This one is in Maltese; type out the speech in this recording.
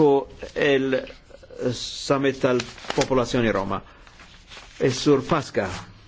fu il-summit tal-popolazzjoni Roma. Is-sur e Pasqa.